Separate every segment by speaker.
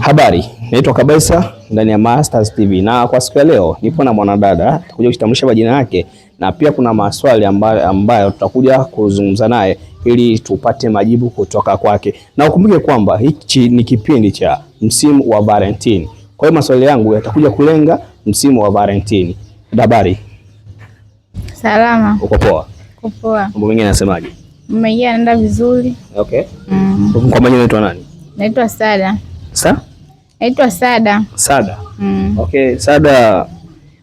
Speaker 1: Habari, naitwa Kabaisa ndani ya Masters TV na kwa siku ya leo nipo na mwanadada takuja kutambulisha majina yake na pia kuna maswali ambayo, ambayo tutakuja kuzungumza naye ili tupate majibu kutoka kwake, na ukumbuke kwamba hichi ni kipindi cha msimu wa Valentine. Kwa hiyo maswali yangu yatakuja kulenga msimu wa Valentine. Habari?
Speaker 2: Salama. Uko poa? Uko poa.
Speaker 1: Mambo mengine yanasemaje?
Speaker 2: Mmeingia anaenda vizuri.
Speaker 1: Okay. Mm. Kwa majina naitwa nani?
Speaker 2: Naitwa Sara. Sa? Naitwa Sada. Sada. Mm.
Speaker 1: Okay, Sada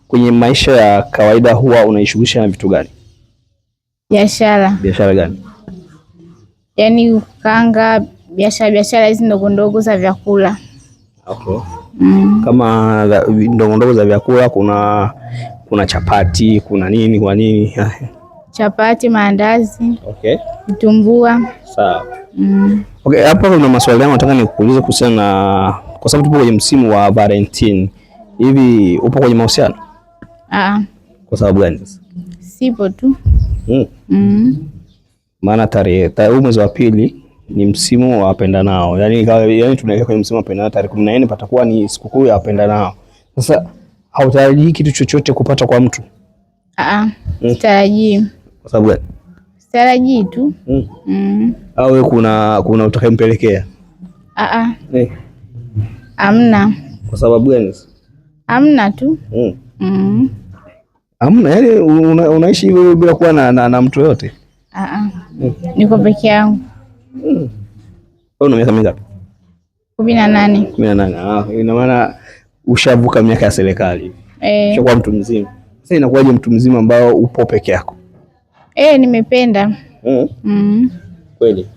Speaker 1: kwenye maisha ya kawaida huwa unaishughulisha na vitu gani?
Speaker 2: Biashara.
Speaker 1: Biashara gani?
Speaker 2: Yaani ukanga, biashara biashara hizi ndogo ndogo za vyakula.
Speaker 1: Okay. Mm. Kama ndogo ndogo za vyakula kuna kuna chapati, kuna nini kwa nini?
Speaker 2: Chapati, maandazi. Okay. Vitumbua. Sawa. Mm.
Speaker 1: Okay, hapa kuna maswali yangu nataka nikuulize kuhusiana na kwa sababu tupo kwenye msimu wa Valentine. Hivi upo kwenye mahusiano? Ah. Kwa sababu gani sasa?
Speaker 2: Sipo tu. Mm. Mm.
Speaker 1: Maana tarehe tarehe mwezi wa pili ni msimu wa nao. Yaani yaani tunaelekea kwenye msimu wa nao tarehe 14 patakuwa ni sikukuu ya nao. Sasa hautarajii kitu chochote kupata kwa mtu?
Speaker 2: Ah. Mm. Sitarajii. Kwa sababu gani? Tarajii tu mm. mm.
Speaker 1: Awe kuna kuna utakayempelekea? Ah, ah. eh. Kwa sababu gani?
Speaker 2: Amna tu mm. Mm.
Speaker 1: Amna yani una, unaishi wewe bila kuwa na, na, na mtu yoyote?
Speaker 2: Ah, ah. mm. Niko peke yangu
Speaker 1: mm. Una miaka mingapi?
Speaker 2: kumi na nane.
Speaker 1: kumi na nane. Ah, ina maana ushavuka miaka ya serikali eh. Ushakuwa mtu mzima sasa. Inakuwaje mtu mzima ambao upo peke yako?
Speaker 2: Eh, nimependa mm. Mm.
Speaker 1: Kweli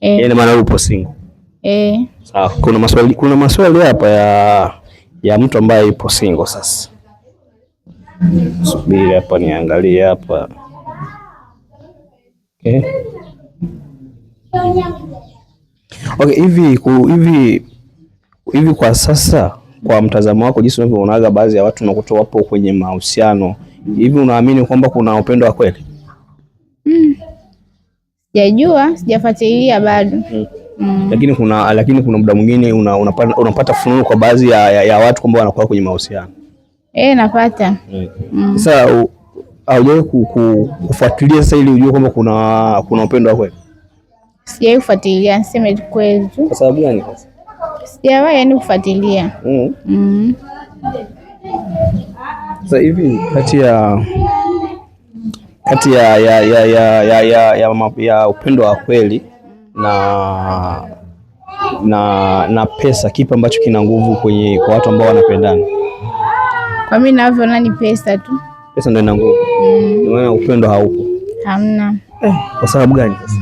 Speaker 1: eh. Yaani maana upo single eh. Sawa, kuna maswali kuna maswali hapa ya ya mtu ambaye yupo single sasa. Subiri hapa niangalie hapa okay. Okay, hivi ku, hivi hivi kwa sasa kwa mtazamo wako jinsi unavyoonaga baadhi ya watu nakuta wapo kwenye mahusiano hivi, unaamini kwamba kuna upendo wa kweli?
Speaker 2: Sijajua, sijafuatilia bado
Speaker 1: mm. Mm. Lakini kuna lakini kuna muda mwingine unapata una, unapata fununu kwa baadhi ya, ya, ya watu kwamba wanakuwa kwenye mahusiano
Speaker 2: eh, napata
Speaker 1: sasa mm. mm. ku, kufuatilia sasa ili ujue kwamba kuna kuna upendo wa kweli?
Speaker 2: Sijawahi kufuatilia, niseme kweli tu.
Speaker 1: Kwa sababu gani sasa?
Speaker 2: yani kufuatilia. Mm. Mm.
Speaker 1: Sasa hivi kati ya kati ya, ya, ya, ya, ya, ya, ya, ya upendo wa kweli na, na, na pesa, kipi ambacho kina nguvu kwenye kwa watu ambao wanapendana?
Speaker 2: Kwa mimi ninavyoona ni pesa tu, pesa ndio ina nguvu mm.
Speaker 1: Maana upendo haupo, hamna eh. Kwa sababu gani sasa?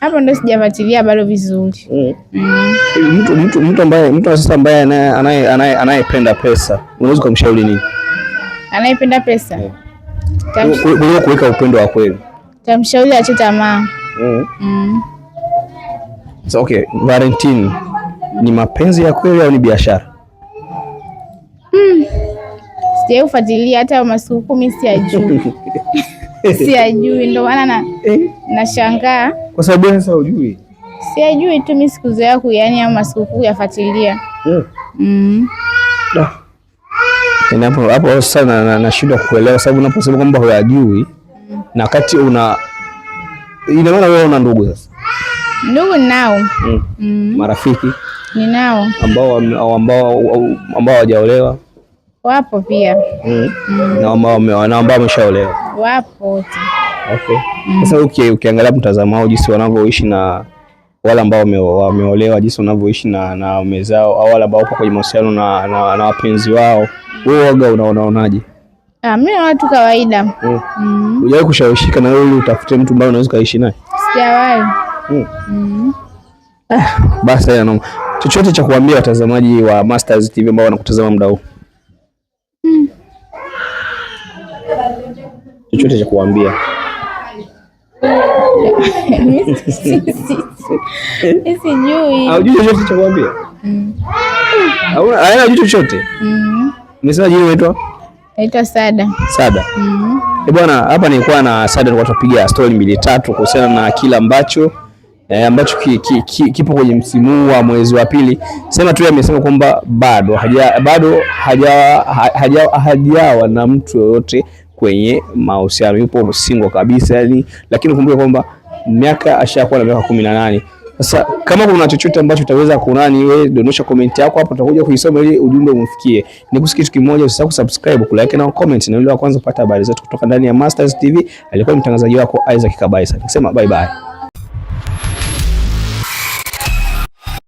Speaker 2: Hapo ndo sijafuatilia bado vizuri mm. Mm.
Speaker 1: Mtu, mtu, mtu ambaye mtu sasa ambaye anayependa pesa unaweza kumshauri nini
Speaker 2: anayependa pesa yeah.
Speaker 1: Guruwe kuweka upendo wa kweli,
Speaker 2: tamshauri ache tamaa. mm. mm.
Speaker 1: So, okay, Valentine ni mapenzi ya kweli au ni biashara?
Speaker 2: mm. Sijai kufuatilia hata masiku kumi, siyajui siyajui, ndio maana na eh? nashangaa
Speaker 1: kwa sababu sasa hujui.
Speaker 2: Siyajui tu mimi sikuzoea, yaani ama masikukuu yafuatilia. yeah. mm.
Speaker 1: Inapo yaani hapo sana na, na, nashindwa kuelewa sababu unaposema kwamba huyajui na wakati una ina maana wewe una ndugu sasa.
Speaker 2: Ndugu nao.
Speaker 1: Mm. Mm. Marafiki ninao ambao ambao ambao hawajaolewa
Speaker 2: wapo pia.
Speaker 1: Mm. Mm. Na ambao wameshaolewa
Speaker 2: wapo. wote.
Speaker 1: Okay. Mm. Sasa mm. Ukiangalia mtazamo wao jinsi wanavyoishi na wale ambao wameolewa, jinsi wanavyoishi na na wamezao au wale ambao wako kwenye mahusiano na, na, na wapenzi wao wewe unaonaonaje?
Speaker 2: Ah, mimi na watu kawaida.
Speaker 1: Oh. Mm. Hujawahi mm. kushawishika na wewe utafute mtu ambaye unaweza kuishi naye? Sijawahi. Oh. mm. mm. basi ya chochote cha kuambia watazamaji wa Mastaz TV ambao wanakutazama muda huu mm. chochote cha kuambia
Speaker 2: sijui.
Speaker 1: Haujui chochote cha kuambia? Mm. Hauna, haina chochote. Mm. Umesema jina unaitwa?
Speaker 2: Naitwa Sada. Sada. Mm -hmm.
Speaker 1: Eh, bwana hapa nilikuwa na Sada nilikuwa tunapiga story mbili tatu kuhusiana na kila ambacho eh, ambacho ki, ki, ki, kipo kwenye msimu wa mwezi wa pili. Sema tu amesema kwamba bado haja, bado hajawa haja, haja na mtu yoyote kwenye mahusiano, yupo single kabisa yani, lakini kumbuka kwamba miaka ashakuwa na miaka kumi na nane. Sasa kama kuna chochote ambacho utaweza kunani, wewe donosha comment yako hapo, tutakuja kuisoma ili ujumbe umfikie. Nikusikia kitu kimoja, usisahau kusubscribe, kulike na comment, na ile wa kwanza kupata habari zetu kutoka ndani ya Mastaz TV. Alikuwa mtangazaji wako Isaac Kabaisa, nikisema bye bye.